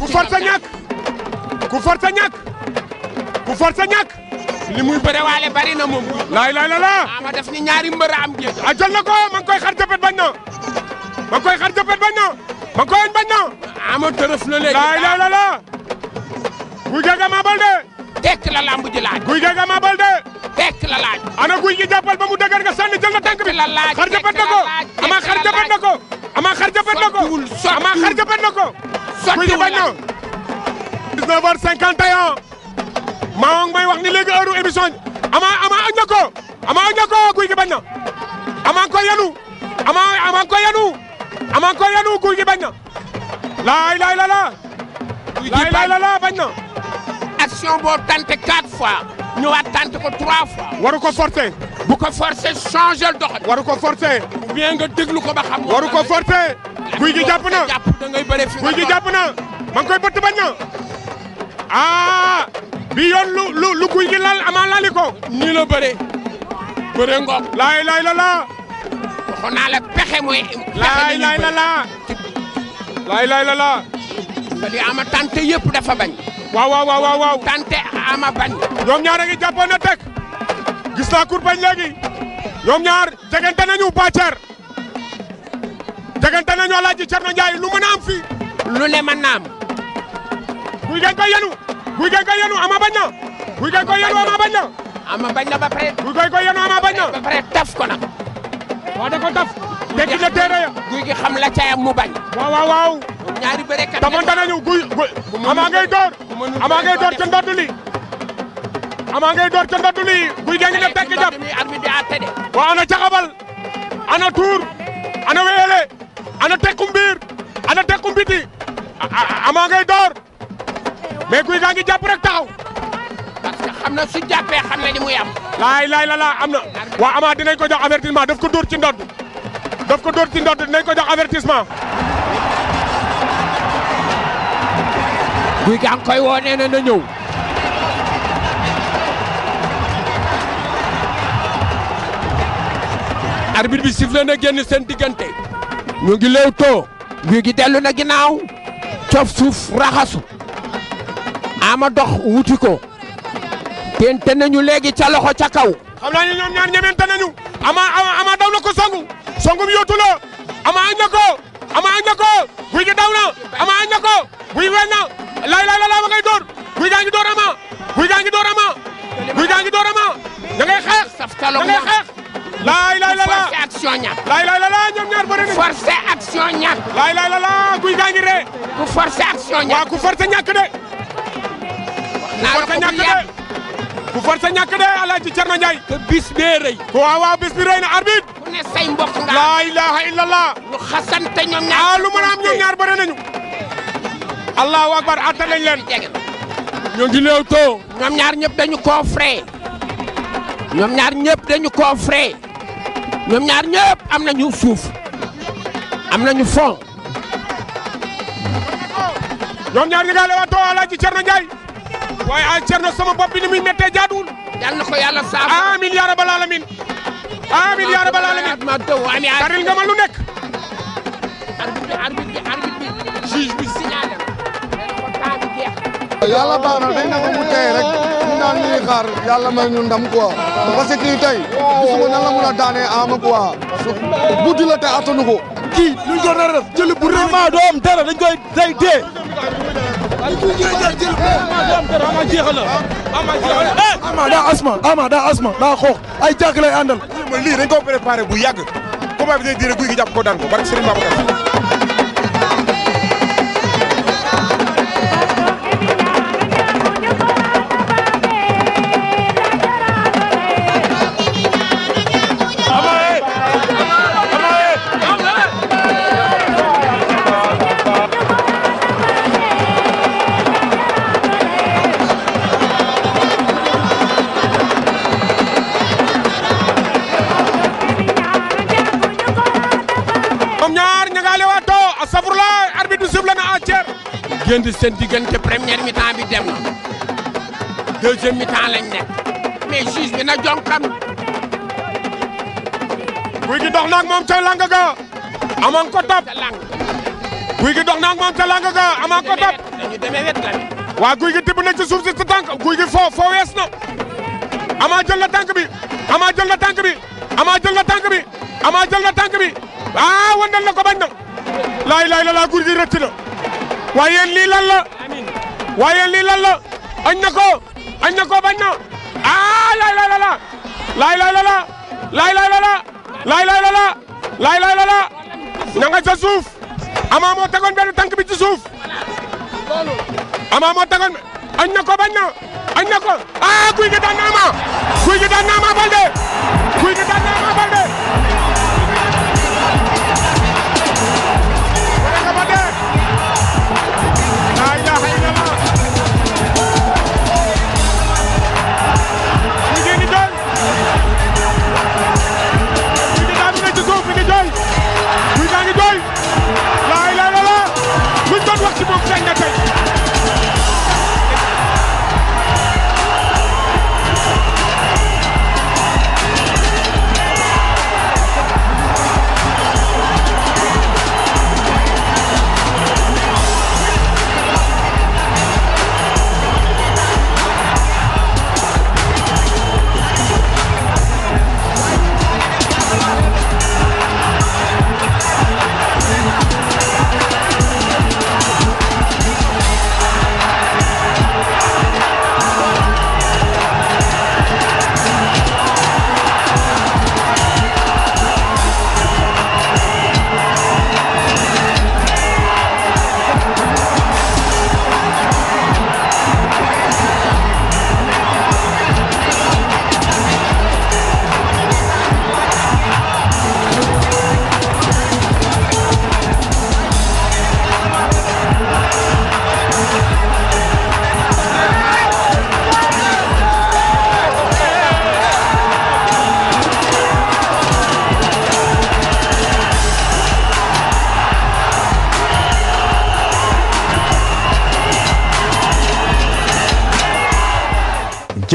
ku forsa ñàkk ku forsa ñàkk ku forsa ñàkk li muy bëre waale bari na moom laay laay la laa def ni ñaari mbër am jé a ah, jël na ko ma ngi koy xar jëppet bañ na ma ngi koy xar jëppet bañ na ma ngi koy añ bañ na ama tërëf na léegi laay laay la laa guy gaga maa bal de tekk la lamb ji laaj guy gaga maa bal de tekk la a ana guy gi jàppal ba mu dëgër nga sànni na tànk na ko ama xar jëppet na ko ama xar jëppet na ko ama xar jëppet na ko sotti bañ na 19 heures 51 maa ngi may wax ni léegi heure émission ama ama añ na ko ama añ ko guy gi bañ na ama koy yanu ama koy yanu guy gi bañ na laay laay la la laay la bañ na action boo tenté quatre fois ñëwaat tenté ko trois fois ko forcé bu ko forcé changé doxal waru ko forcé ou bien nga ko ba xam waru ko forcé guy gi jàpp na guy gi jàpp na koy bëtt bañ na ah bi yoon lu lu lu guy gi lal ama lali ko. nii la bëree bëree ngoog. laay laay la laa. waxoon naa la pexe mooy. la laa laay laay la tante yëpp dafa bañ. waaw waaw waaw waaw. tante ama bañ. ñoom ñaar a ngi na teg gis naa kur bañ léegi ñoom ñaar jegante nañu bàcceer. tegante nañoo laaj Thierno Ndiaye lu mën a am fii. lu ne mën naa am. guy gañ koy yenu. guy bañ na. guy gañ koy yenu ama bañ na. ama bañ na ba pare. guy gañ a yenu ama bañ na. ba taf ko nag. waaw da ko taf. guy gi xam la caayam mu bañ. waaw waaw waaw. ñaari bërekat tamante nañu guy guy. ama ngay door. ama ngay door ca ndodd li. ama ngay door ca ndodd li. guy gañ na tekki ana tekkum biir ana tekkum biti amaa ngay door mais guy gaa ngi jàpp rek taxaw. parce xam na su jàppee xam na ni muy am. laay laay la am na waa amaa dinañ ko jox avertissement daf ko dóor ci ndodd daf ko dóor ci ndodd dinañ ko jox avertissement. guy gaa ngi koy woo nee na na ñëw. bi sifflé na seen diggante. ñu ngi léew too guy gi dellu na ginnaaw cof suuf raxasu ama dox wuti ko tente nañu léegi ca loxo ca kaw xam naa ne ñoom ñaar ñemente nañu ama ama daw na ko sangu songum yóotu la ama añ na ko ama añ na ko guy gi daw na ama añ na ko guy weñ na lay lay la ma ngay door guy gaa ngi door ama guy gaa ngi door ama guy ngay xeex laay laay la la forcé action guy gaa ngi ree. ku forcé action ñàkk waaw ku forcé ñàkk de. naa ko bu yàgg ku forcé ñàkk de Alaaji Cerno Njaay. te bis bee rëy. waaw waaw bis bi rëy na arbitre. ku ne say mbokk nga. laa ilaaha illallah. xasante ñoom ñaar. Ah, lu mën a am ñoom ñaar bëri nañu. allahu akbar atta nañ leen. ñoo ngi leew too. ñoom ñaar ñëpp dañu koo frais. ñoom ñaar ñëpp dañu koo frais. ñoom ñaar ñëpp am nañu suuf am nañu fond. ñoom ñaar ñi nga leewaatoo Alaaji Cerno Njaay waaye ay Cerno sama bopp bi ni muy méttee jaaduwul. yal na ko yàlla saafara amiin yaa rabbal aalamiin. amiin yaa rabbal aalamiin karil nga ma nekk. dañ naan li ñuy xaar yàlla may ñu ndam quoi parce que kii tey gisuma nan la mun a daanee ama quoi buddi la te attanu ko kii luñ ko nar a def jël bu rëy maa doo am dara dañ koy day dee ama daa asma ama daa asma daa xoox ay jàkk lay àndal lii dañ ko préparé bu yàgg combat bi day dire guy gi jàpp ko daan ko barke Serigne Babacar diggante seen diggante première mi-temps bi dem na deuxième mi-temps lañ nekk mais juge bi na jonkam guy gi dox naag moom ca lang ga aman ko topp guy gi moom ca ga aman ko waa guy gi na ci suuf si sa tànk guy gi foo foo wees na ama jël na tànk bi ama jël na tànk bi ama jël na tànk bi ama jël na tànk bi ah wandal na ko bañ na laay laay la laa guy gi waaye lii lan la waaye lii lan la añ na ko añ na ko bañ na ah laay laay la la laay laay la la laay laay la la laay laay la la laay laay la la ña nga ca suuf ama moo tegoon benn tànk bi ci suuf ama moo tegoon añ na ko bañ na añ na ko ah guy gi daan na ama guy gi daan na ama balde guy gi daan na ama balde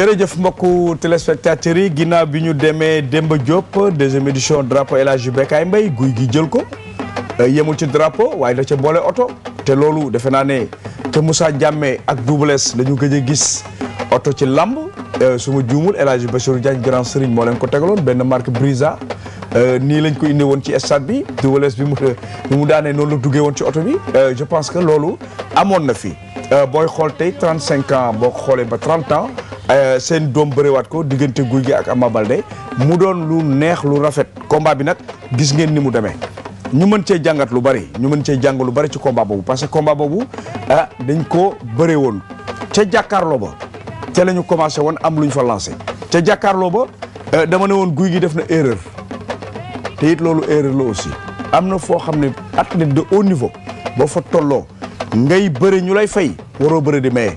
jërëjëf mbokku téléspectateurs yi ginnaaw bi ñu demee Demba Diop deuxième édition drapeau élage Hadji Bécaye mbay guy gi jël ko euh, yemul ci drapeau waaye da ca boole oto te loolu defe naa ne te Moussa jàmmee ak Double S la ñu gëj a gis oto ci lamb euh, su ma juumul El Hadji Bassirou Diagne grand serigne moo leen ko tegaloon benn marque Brisa euh, ni lañ ko indi woon ci stade bi Double bi mu bi mu daanee noonu la duggee ci oto bi je pense que loolu amoon na fi booy xool tey trente cinq ans boo xoolee ba trente ans Euh, seen doom bëriwaat ko diggante guy Gui ak Ama Baldé mu doon lu neex lu rafet combat bi nag gis ngeen ni mu demee ñu mën cee jàngat lu bari ñu mën cee jàng lu bari ci combat boobu parce que combat boobu ah dañ ko bëree woon ca jàkkaarloo ba ca la commencé woon am lu ñu fa lancé ca jàkkaarloo ba euh, dama ne woon guy gi def na erreur te loolu erreur la aussi am na foo xam ne athlète de haut niveau boo fa tolloo ngay bëri ñu lay fay waroo bëri di maye.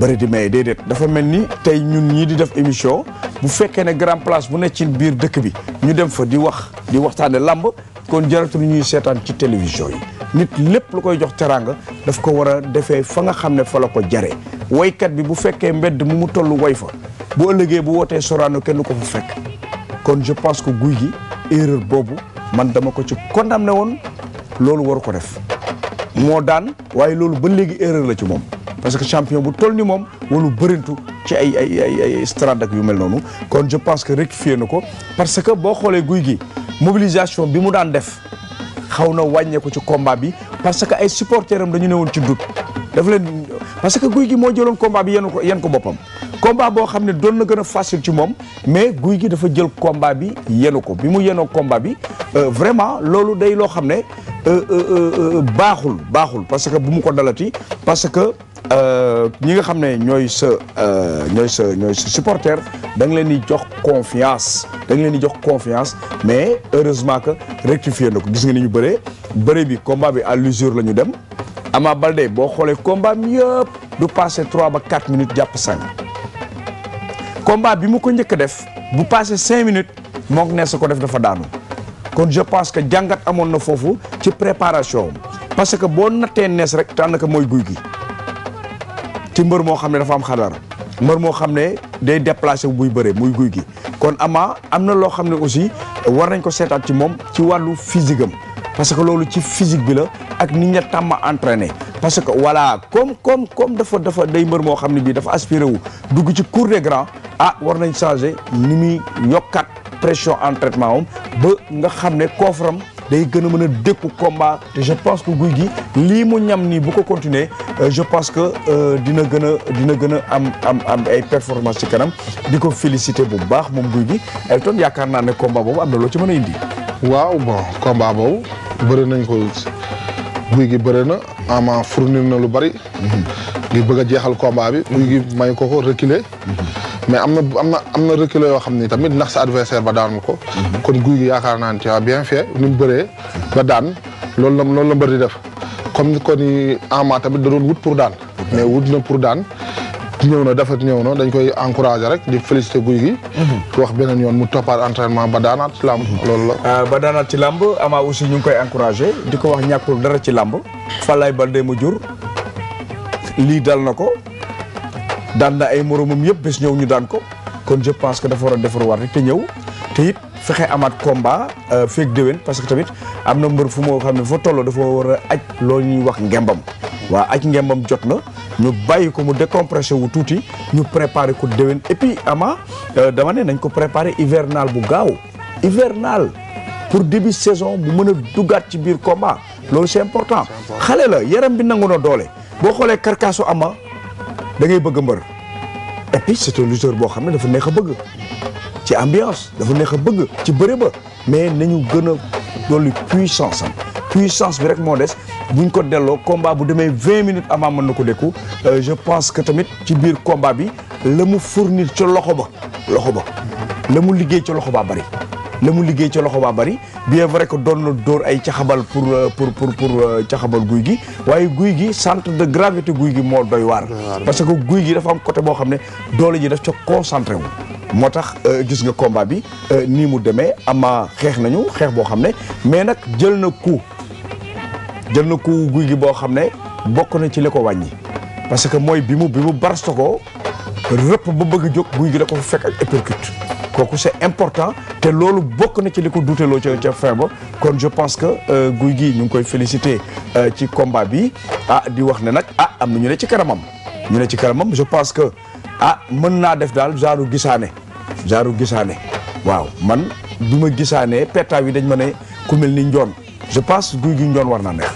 bëri di may déedéet dafa mel ni tey ñun ñii di def émission bu fekkee ne grand place bu nekk ci biir dëkk bi ñu dem fa di wax di waxtaane làmb kon jaratul ñuy seetaan ci télévision yi nit lépp lu koy jox teraanga daf ko war a defee fa nga xam ne fa la ko jaree woykat bi bu fekkee mbedd mu mu toll woy fa bu ëllëgee bu wootee Sorano kenn ko fa fekk kon je pense que guy gi erreur boobu man dama ko ci kon am ne woon loolu waru ko def moo daan waaye loolu ba léegi erreur la ci moom parce que champion bu toll ni moom walu bërintu ci ay ay ay ay strade ak yu mel noonu kon je pense que rectifié na ko parce que boo xoolee guy gi mobilisation bi mu daan def xaw na wàññeeku ci combat bi parce que ay supporteram dañu woon ci doute daf leen parce que guy gi moo jëloon combat bi yenn ko yenn ko boppam combat boo xam ne doon na gën a facile ci moom mais guy gi dafa jël combat bi yenu ko bi mu yenoo combat bi euh, vraiment loolu day loo xam ne euh, euh, baaxul baaxul parce que bu mu ko dalati parce que ñi nga xam ne ñooy sa ñooy sa ñooy supporter da nga leen di jox confiance da nga leen di jox confiance mais heureusement que rectifié na ko gis nga ni ñu bëree bëri bi combat bi à l'usure la ñu dem Ama Baldé boo xoolee combat mi yëpp du passé trois ba quatre minutes jàpp sànq. combat bi mu ko njëkk def bu passé cinq minutes mook nees sa ko def dafa daanu kon je pense que jàngat amoon na foofu ci préparation parce que boo nattee nees rek daanaka mooy guy gi ci mbër moo xam ne dafa am xadar mbër moo xam ne day déplacé buy bëree muy guy gi kon amaa am na loo xam ne aussi war nañ ko seetaat ci moom ci wàllu physique parce que loolu ci physique bi la ak ni nga tàmm entraîné parce que voilà comme comme comme dafa dafa day mbër moo xam ne bii dafa aspiré wu dugg ci cours des grands ah war nañ changer ni muy yokkaat pression entraînement am ba nga xam ne koofram day gën a mën a dékku combat te je pense que guy gi lii mu ñam nii bu ko continuer euh, je pense que euh, dina gën dina gën a am am am ay performance ci kanam di ko féliciter bu baax moom guy gi Elton yaakaar naa ne combat boobu am na loo ci mën a indi waaw bëri nañ ko guy gi bëri na ama fournir na lu bari ngir bëgg a jeexal combat bi guy gi may ko ko mais am na am na am na reculer yoo xam ni tamit ndax sa adversaire ba daan ko kon guy gi yaakaar naa ne bien fait ni mu bëree ba daan loolu la loolu la mbër def comme ni ko ni ama tamit da doon wut pour daan mais wut na pour daan ñëw na dafa ñëw na dañ koy encouragé rek di félicité guy gi. ku mhm. wax beneen yoon mu toppaat entraînement ba daanaat ci làmb mhm. loolu la. Ah, ba daanaat ci làmb Ama aussi ñu ngi koy encouragé di ko wax ñàkkul dara ci làmb Falaye Baldé mu jur lii dal na ko daan na ay moromam yëpp bés ñëw ñu daan ko kon je pense que dafa war a defarwaat rek te ñëw te fexe amaat combat euh, feeg déwén parce que tamit am na mbër fu moo xam ne fa tolloo dafa war a aj loolu ñuy wax ngembam waa aj ngembam jot na. ñu bàyyi ko mu décompressé wu tuuti ñu préparé ko déwén et puis ama euh, dama ne nañ ko préparé hivernal bu gaaw hivernal pour début saison bu mën a dugaat ci biir komba loolu c'est important xale la yaram bi nangu na doole boo xoolee karkaasu ama da ngay bëgg mbër et c'est un lutteur boo xam ne dafa neex a bëgg ci ambiance dafa neex a bëgg ci bëre ba mais nañu gën a dolli puissance am puissance bi rek moo des buñ ko delloo combat bu demee vingt minutes avant mën na ko dékku euh, je pense que tamit ci biir combat bi la mu fournir ca loxo ba loxo ba la mu liggéey ci loxo baa bari la mu liggéey ca loxo baa bien vrai que doon na dóor ay caxabal pour euh, pour pour pour euh, caxabal guy gi waaye guy gi centre de gravité guy gi moo doy waar parce que guy gi dafa am côté boo xam ne doole ji def ca concentré wu moo tax gis nga combat bi nii mu demee ama xeex nañu xeex boo xam ne mais nag jël na coup jël na ko guy gi boo xam ne bokk na ci li wàññi parce que mooy bi mu bi mu barasta ko rëpp ba bëgg jóg guy gi la ko fa fekk ak épercute kooku c'est important te loolu bokk na ci li ko duuteloo ca ca fin ba kon je pense que euh, guy gi ñu ngi koy féliciter euh, ci combat bi ah di wax ne nag ah am na ñu ne ci kanamam ñu ne ci kanamam je pense que ah mën naa def daal genre gisaane genre gisaane waaw man du ma gisaane pettaaw yi dañ ma ne ku mel ni njoon je pense guy gi njoon war naa neex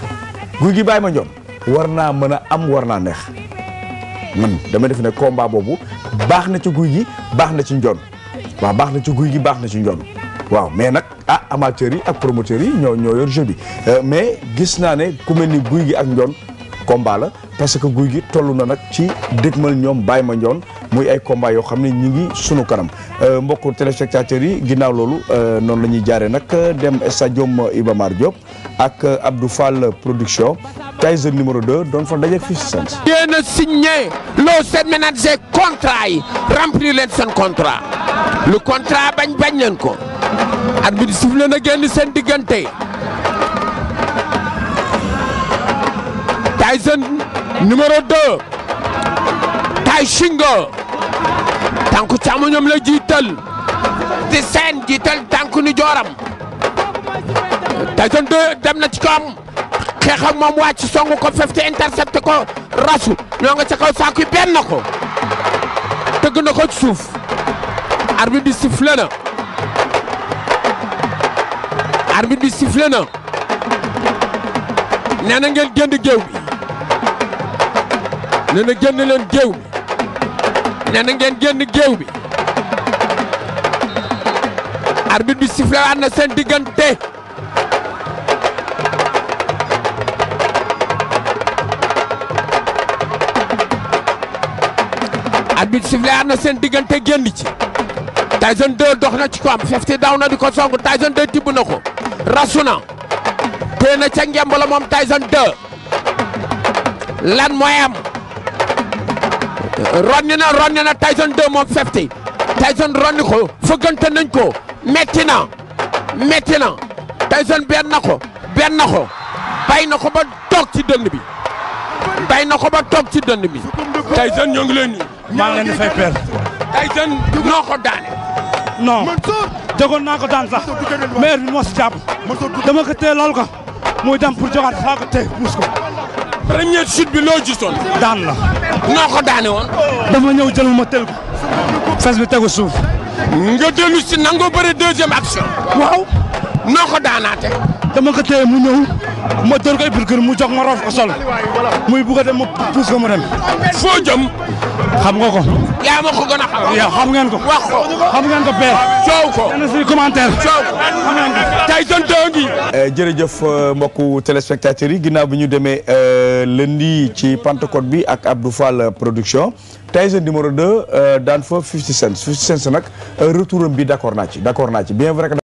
guy gi baay ma njoon war naa mën a am war naa neex mën dama def ne combat boobu baax na ci guy gi baax na ci njoon waaw baax na ci guy gi baax na ci njoon waaw mais nag ah amateurs yi ak promoteurs yi ñoo ñoo yor jeu bi euh, mais gis naa ne ku mel ni guy gi ak njoon combat la parce que guy gi toll na nag ci dégmal ñoom bàyyi ma njoon muy ay combat yoo xam ne ñu ngi sunu kanam euh, mbokk mbokku téléspectateurs yi ginaaw loolu euh, noonu la ñuy jaare nag dem stadium Iba Mar Diop ak euh, Abdou Fall production Tyson numéro 2 doon fa dajeeg fii si sant. yéen a signé loo seen ménager contrat yi remplir leen seen contrat lu contrat bañ bañ leen ko arbitre sifflé a génn seen diggante Tyson numéro 2 Tay Shingo tànku càmmoñam la jiital di seen jiital tànku ni jooram Tyson 2 dem na ci kawam xeex ak moom ci songu ko fefte intercepté ko rasu ñoo nga ca kaw saaku yi benn ko tëgg na ko ci suuf arbitre bi sifflé na arbitre bi sifflé na nee na ngeen génn géew bi nee na génn leen géew nee na ngeen génn géew bi arbitre bi sifflé waat na seen diggante arbitre sifflé na seen diggante génn ci Tyson 2 dox na ci ko am Fifty daw na di ko song Tyson 2 tibb na ko rasu na téye na ca ngemb la moom Tyson 2 lan mooy am ronni na ronni na Tyson 2 moom Fifty Tyson ronni ko fëggante nañ ko metti na metti na Tyson benn na ko benn na ko bay na ko ba toog ci dënn bi bay na ko ba toog ci dënn bi Tyson ñoo ngi leen nii maa ngi leen di fay père Tyson noo ko daane non jogoon naa ko daan sax maire bi moo si jàpp dama ko téye lool ko muy dem pour jogaat saa ko téye muus ko première chute bi loo gisoon daan la noo ko daane woon. dama ñëw jël ma tël ko. fes bi tegu suuf. nga dellu si nangoo bëri deuxième action. waaw. noo ko daanaate. dama ko téye mu ñëw. ma dóor ko épicure mu jox ma roof ko sol. muy bugg a dem ma puus ko mu dem. foo jëm. xam nga ko. yaa ma ko xam. ngeen ko. wax ko xam ko père. coow ko yéen a suñu commentaire. coow ko xam ngeen ko. Tyson 2 ngi. Eh, jërëjëf eh, yi ginnaaw bi ñu demee. Eh, lundi ci Pentecôte bi ak Abdou Fall production Tyson numéro 2 euh, daan fa 50 cents 50 cents nag euh, retouram bi d'accord naa ci d'accord naa ci bien vrai que